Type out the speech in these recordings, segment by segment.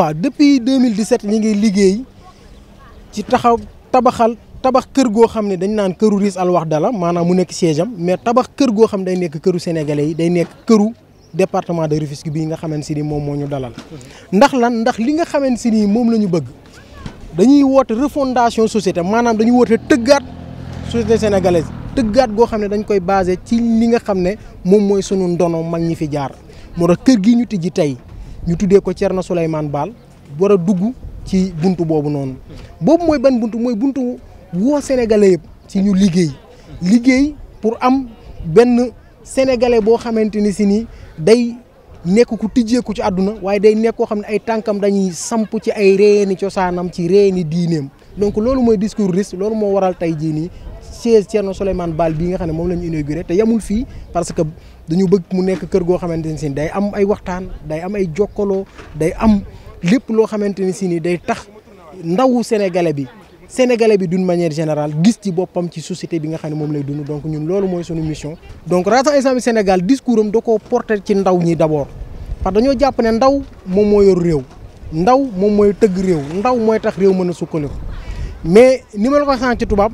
quoi depuis 2017 ñi ngi liggéey ci taxaw tabaxal tabax kër goo xam ne dañ naan këru Rich Al Wahda la maanaam mu nekk siège am mais tabax kër goo xam ne day nekk këru sénégalais yi day nekk këru département de Rufisque bii nga xamante si ni moom moo ñu dalal. ndax lan ndax li nga xamante si ni moom la ñu bëgg dañuy woote refondation société maanaam dañuy woote tëggaat société sénégalaise tëggaat goo xam ne dañ koy basé ci li nga xam ne moom mooy sunu ndono mag ñi fi jaar kër gi ñu tijji tey. ñu tuddee ko na Souleymane Baal war a dugg ci buntu boobu noonu boobu mooy ban buntu mooy buntu woo sénégalais yëpp ci ñu liggéey liggéey pour am benn sénégalais boo xamante ni si nii day nekk ku tijjeeku ci àdduna waaye day nekk koo xam ne ay tànkam dañuy samp ci ay reeni cosaanam ci reeni diineem donc loolu mooy discours risque loolu moo waral tey jii nii siège Thierno Souleymane bal bi nga xam ne moom la ñu inauguré te yamul fii parce que dañu bëgg mu nekk kër goo xamante ne si ni day am ay waxtaan day am ay jokkaloo day am lépp loo xamante ne si nii day tax ndawu sénégalais bi sénégalais bi d'une manière général gis ci boppam ci société bi nga xam ne moom lay dund donc ñun loolu mooy sunu mission donc Rassemblement Islamique Sénégal discours am da koo porté ci ndaw ñi d'abord parce que dañoo jàpp ne ndaw moom moo yor réew ndaw moom mooy tëgg réew ndaw mooy tax réew mën a sukkaliku mais ni ma la tubaab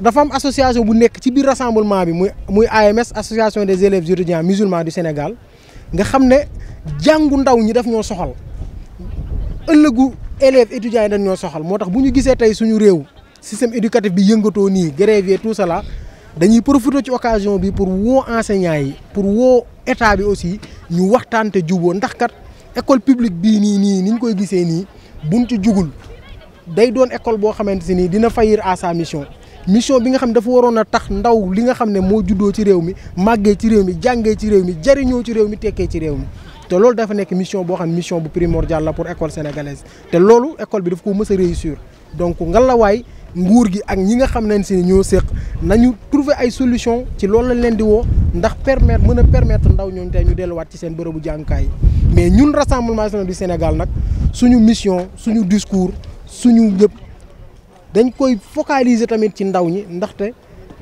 dafa am association bu nek ci biir rassemblement bi muy AMS association des élèves étudiants musulmans du Sénégal nga xamné ne ndaw ñi daf ñoo soxal ëllëgu élèves étudiants dañ ñoo soxal motax tax bu ñu gisee tey suñu réew système éducatif bi yëngato ni grévier tout cela dañuy profiter ci occasion bi pour wo enseignants yi pour wo état bi aussi ñu waxtante te ndax kat école publique bi ni ni ñu koy gisé ni, buntu jugul day doon école bo xamanteni dina faillir à sa mission mission bi nga xamne dafa waroon tax ndaw li nga xamne mo moo ci réew mi màggee ci réew mi jàngee ci réew mi jariñoo ci réew mi tekkee ci réew mi te loolu dafa nek mission bo xamne mission bu primordial la pour école sénégalaise te loolu école bi daf ko mës réussir donc la way nguur gi ak ñi nga xamne ne ñoo séq nañu trouver ay solution ci loolu lañ leen di wo ndax permettre mëna permettre ndaw ñoo tay ñu délu wat ci seen bërëbu jàngukaay mais ñun rassemblement national du Sénégal nak suñu mission suñu discours suñu yëpp dañ koy focaliser tamit ci ndaw ñi ndaxte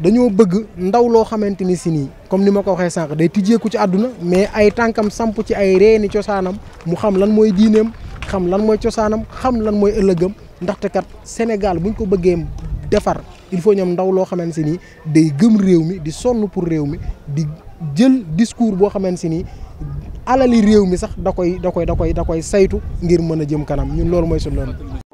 dañoo bëgg ndaw loo xamante ni si nii comme ni ma ko waxee sànq day tijjeeku ci àdduna mais ay tànkam samp ci ay reeni cosaanam mu xam lan mooy diineem xam lan mooy cosaanam xam lan mooy ëllëgam ndaxte kat Sénégal buñ ko bëggee defar il faut ñam ndaw loo xamante si nii day gëm réew mi di sonn pour réew mi di jël discours boo xamante si nii alali réew mi sax da koy da koy da koy da koy saytu ngir mën a jëm kanam ñun loolu mooy suñu loolu